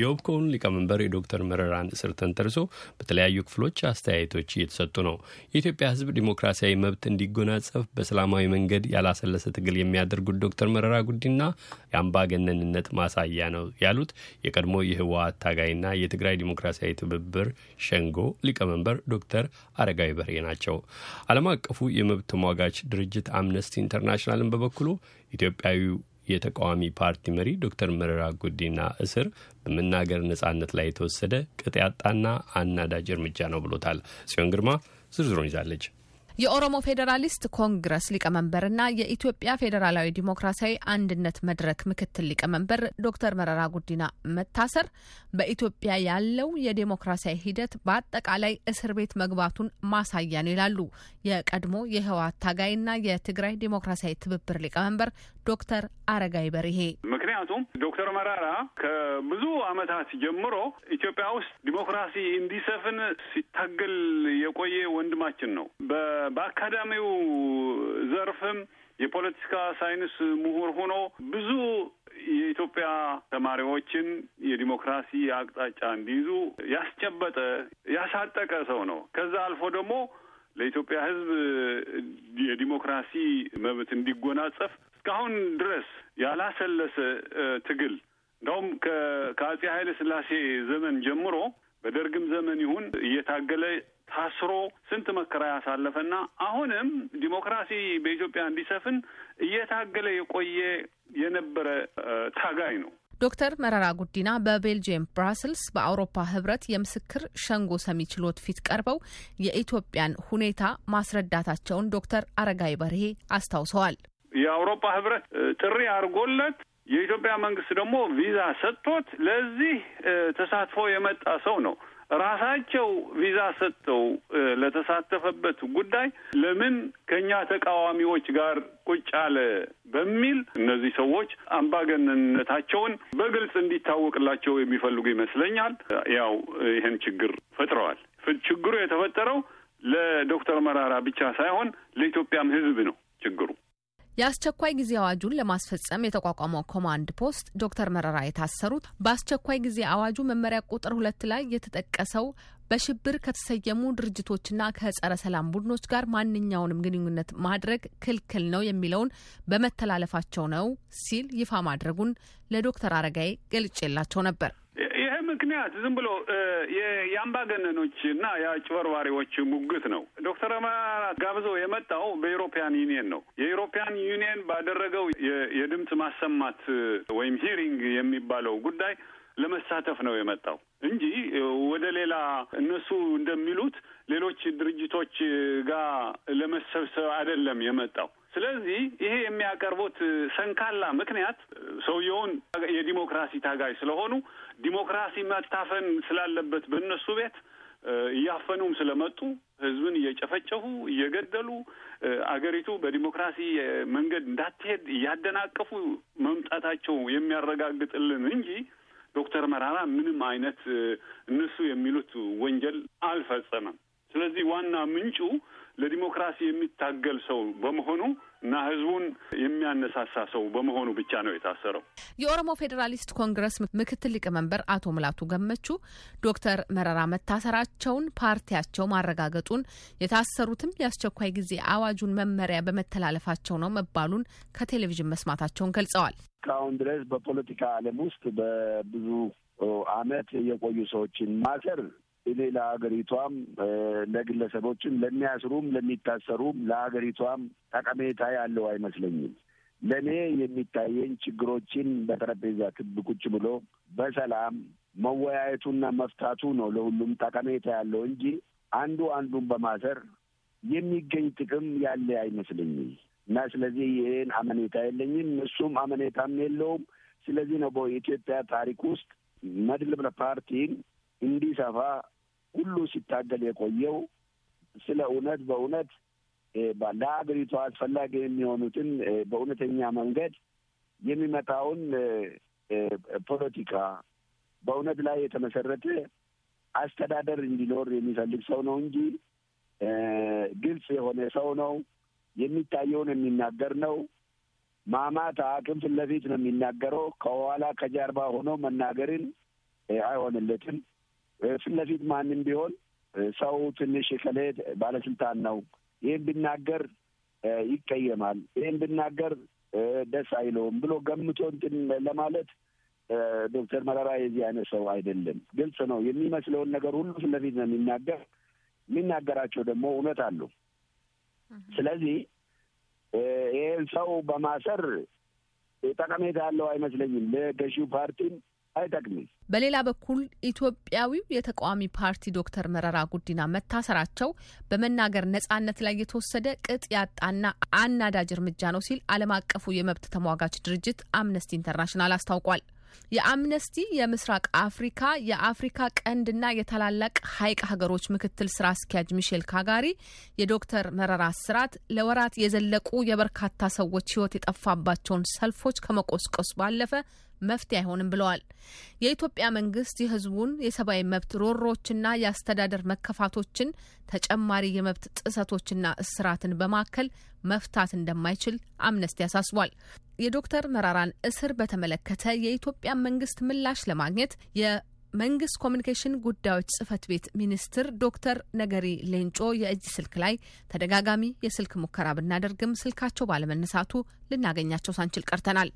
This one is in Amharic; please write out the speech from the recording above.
የኦብኮውን ሊቀመንበር የዶክተር መረራን እስር ተንተርሶ በተለያዩ ክፍሎች አስተያየቶች እየተሰጡ ነው። የኢትዮጵያ ሕዝብ ዲሞክራሲያዊ መብት እንዲጎናጸፍ በሰላማዊ መንገድ ያላሰለሰ ትግል የሚያደርጉት ዶክተር መረራ ጉዲና የአምባገነንነት ማሳያ ነው ያሉት የቀድሞ የህወሓት ታጋይና የትግራይ ዲሞክራሲያዊ ትብብር ሸንጎ ሊቀመንበር ዶክተር አረጋዊ በርሄ ናቸው። ዓለም አቀፉ የመብት ተሟጋች ድርጅት አምነስቲ ኢንተርናሽናልን በበኩሉ ኢትዮጵያዊ የተቃዋሚ ፓርቲ መሪ ዶክተር መረራ ጉዲና እስር በመናገር ነጻነት ላይ የተወሰደ ቅጥ ያጣና አናዳጅ እርምጃ ነው ብሎታል። ጽዮን ግርማ ዝርዝሩን ይዛለች። የኦሮሞ ፌዴራሊስት ኮንግረስ ሊቀመንበርና የኢትዮጵያ ፌዴራላዊ ዲሞክራሲያዊ አንድነት መድረክ ምክትል ሊቀመንበር ዶክተር መረራ ጉዲና መታሰር በኢትዮጵያ ያለው የዲሞክራሲያዊ ሂደት በአጠቃላይ እስር ቤት መግባቱን ማሳያ ነው ይላሉ የቀድሞ የህወሓት ታጋይና የትግራይ ዲሞክራሲያዊ ትብብር ሊቀመንበር ዶክተር አረጋይ በርሄ። ምክንያቱም ዶክተር መራራ ከብዙ አመታት ጀምሮ ኢትዮጵያ ውስጥ ዲሞክራሲ እንዲሰፍን ሲታገል የቆየ ወንድማችን ነው። በአካዳሚው ዘርፍም የፖለቲካ ሳይንስ ምሁር ሆኖ ብዙ የኢትዮጵያ ተማሪዎችን የዲሞክራሲ አቅጣጫ እንዲይዙ ያስጨበጠ ያሳጠቀ ሰው ነው። ከዛ አልፎ ደግሞ ለኢትዮጵያ ሕዝብ የዲሞክራሲ መብት እንዲጎናጸፍ እስካሁን ድረስ ያላሰለሰ ትግል እንዳውም ከአጼ ኃይለ ሥላሴ ዘመን ጀምሮ በደርግም ዘመን ይሁን እየታገለ ታስሮ ስንት መከራ ያሳለፈና አሁንም ዲሞክራሲ በኢትዮጵያ እንዲሰፍን እየታገለ የቆየ የነበረ ታጋይ ነው። ዶክተር መረራ ጉዲና በቤልጅየም ብራስልስ በአውሮፓ ህብረት የምስክር ሸንጎ ሰሚ ችሎት ፊት ቀርበው የኢትዮጵያን ሁኔታ ማስረዳታቸውን ዶክተር አረጋይ በርሄ አስታውሰዋል። የአውሮፓ ህብረት ጥሪ አድርጎለት የኢትዮጵያ መንግስት ደግሞ ቪዛ ሰጥቶት ለዚህ ተሳትፎ የመጣ ሰው ነው። ራሳቸው ቪዛ ሰጥተው ለተሳተፈበት ጉዳይ ለምን ከእኛ ተቃዋሚዎች ጋር ቁጭ አለ በሚል እነዚህ ሰዎች አምባገነንነታቸውን በግልጽ እንዲታወቅላቸው የሚፈልጉ ይመስለኛል። ያው ይህን ችግር ፈጥረዋል። ችግሩ የተፈጠረው ለዶክተር መራራ ብቻ ሳይሆን ለኢትዮጵያም ሕዝብ ነው ችግሩ። የአስቸኳይ ጊዜ አዋጁን ለማስፈጸም የተቋቋመው ኮማንድ ፖስት ዶክተር መረራ የታሰሩት በአስቸኳይ ጊዜ አዋጁ መመሪያ ቁጥር ሁለት ላይ የተጠቀሰው በሽብር ከተሰየሙ ድርጅቶችና ከጸረ ሰላም ቡድኖች ጋር ማንኛውንም ግንኙነት ማድረግ ክልክል ነው የሚለውን በመተላለፋቸው ነው ሲል ይፋ ማድረጉን ለዶክተር አረጋይ ገልጬላቸው ነበር። ምክንያት ዝም ብሎ የአምባገነኖች እና የአጭበርባሪዎች ሙግት ነው። ዶክተር አማራ ጋብዞ የመጣው በኢሮፒያን ዩኒየን ነው። የኢሮፒያን ዩኒየን ባደረገው የድምፅ ማሰማት ወይም ሂሪንግ የሚባለው ጉዳይ ለመሳተፍ ነው የመጣው እንጂ ወደ ሌላ እነሱ እንደሚሉት ሌሎች ድርጅቶች ጋር ለመሰብሰብ አይደለም የመጣው። ስለዚህ ይሄ የሚያቀርቡት ሰንካላ ምክንያት ሰውየውን የዲሞክራሲ ታጋይ ስለሆኑ ዲሞክራሲ መታፈን ስላለበት በእነሱ ቤት እያፈኑም ስለመጡ ህዝብን እየጨፈጨፉ እየገደሉ አገሪቱ በዲሞክራሲ መንገድ እንዳትሄድ እያደናቀፉ መምጣታቸው የሚያረጋግጥልን እንጂ ዶክተር መራራ ምንም አይነት እነሱ የሚሉት ወንጀል አልፈጸመም። ስለዚህ ዋና ምንጩ ለዲሞክራሲ የሚታገል ሰው በመሆኑ እና ህዝቡን የሚያነሳሳ ሰው በመሆኑ ብቻ ነው የታሰረው። የኦሮሞ ፌዴራሊስት ኮንግረስ ምክትል ሊቀመንበር አቶ ምላቱ ገመቹ ዶክተር መረራ መታሰራቸውን ፓርቲያቸው ማረጋገጡን የታሰሩትም የአስቸኳይ ጊዜ አዋጁን መመሪያ በመተላለፋቸው ነው መባሉን ከቴሌቪዥን መስማታቸውን ገልጸዋል። እስካሁን ድረስ በፖለቲካ ዓለም ውስጥ በብዙ አመት የቆዩ ሰዎችን ማሰር እኔ ለሀገሪቷም ለግለሰቦችም ለሚያስሩም ለሚታሰሩም ለሀገሪቷም ጠቀሜታ ያለው አይመስለኝም። ለእኔ የሚታየኝ ችግሮችን በጠረጴዛ ክብ ቁጭ ብሎ በሰላም መወያየቱና መፍታቱ ነው ለሁሉም ጠቀሜታ ያለው እንጂ አንዱ አንዱን በማሰር የሚገኝ ጥቅም ያለ አይመስለኝም። እና ስለዚህ ይህን አመኔታ የለኝም፣ እሱም አመኔታም የለውም። ስለዚህ ነው በኢትዮጵያ ታሪክ ውስጥ መድብለ ፓርቲን እንዲሰፋ ሁሉ ሲታገል የቆየው ስለ እውነት በእውነት ለሀገሪቱ አስፈላጊ የሚሆኑትን በእውነተኛ መንገድ የሚመጣውን ፖለቲካ በእውነት ላይ የተመሰረተ አስተዳደር እንዲኖር የሚፈልግ ሰው ነው እንጂ ግልጽ የሆነ ሰው ነው። የሚታየውን የሚናገር ነው። ማማት አቅም ፊት ለፊት ነው የሚናገረው። ከኋላ ከጀርባ ሆኖ መናገርን አይሆንለትም። ፊት ለፊት ማንም ቢሆን ሰው ትንሽ ከሌድ ባለስልጣን ነው፣ ይህን ብናገር ይቀየማል፣ ይህን ብናገር ደስ አይለውም ብሎ ገምቶ እንትን ለማለት ዶክተር መረራ የዚህ አይነት ሰው አይደለም። ግልጽ ነው። የሚመስለውን ነገር ሁሉ ፊት ለፊት ነው የሚናገር። የሚናገራቸው ደግሞ እውነት አሉ። ስለዚህ ይህን ሰው በማሰር ጠቀሜታ ያለው አይመስለኝም ለገዢው ፓርቲም አይጠቅምም። በሌላ በኩል ኢትዮጵያዊው የተቃዋሚ ፓርቲ ዶክተር መረራ ጉዲና መታሰራቸው በመናገር ነጻነት ላይ የተወሰደ ቅጥ ያጣና አናዳጅ እርምጃ ነው ሲል ዓለም አቀፉ የመብት ተሟጋች ድርጅት አምነስቲ ኢንተርናሽናል አስታውቋል። የአምነስቲ የምስራቅ አፍሪካ የአፍሪካ ቀንድና የታላላቅ ሀይቅ ሀገሮች ምክትል ስራ አስኪያጅ ሚሼል ካጋሪ የዶክተር መረራ እስራት ለወራት የዘለቁ የበርካታ ሰዎች ሕይወት የጠፋባቸውን ሰልፎች ከመቆስቆስ ባለፈ መፍትሄ አይሆንም ብለዋል። የኢትዮጵያ መንግስት የህዝቡን የሰብአዊ መብት ሮሮዎችና የአስተዳደር መከፋቶችን ተጨማሪ የመብት ጥሰቶችና እስራትን በማከል መፍታት እንደማይችል አምነስቲ አሳስቧል። የዶክተር መራራን እስር በተመለከተ የኢትዮጵያ መንግስት ምላሽ ለማግኘት መንግስት ኮሚኒኬሽን ጉዳዮች ጽህፈት ቤት ሚኒስትር ዶክተር ነገሪ ሌንጮ የእጅ ስልክ ላይ ተደጋጋሚ የስልክ ሙከራ ብናደርግም ስልካቸው ባለመነሳቱ ልናገኛቸው ሳንችል ቀርተናል።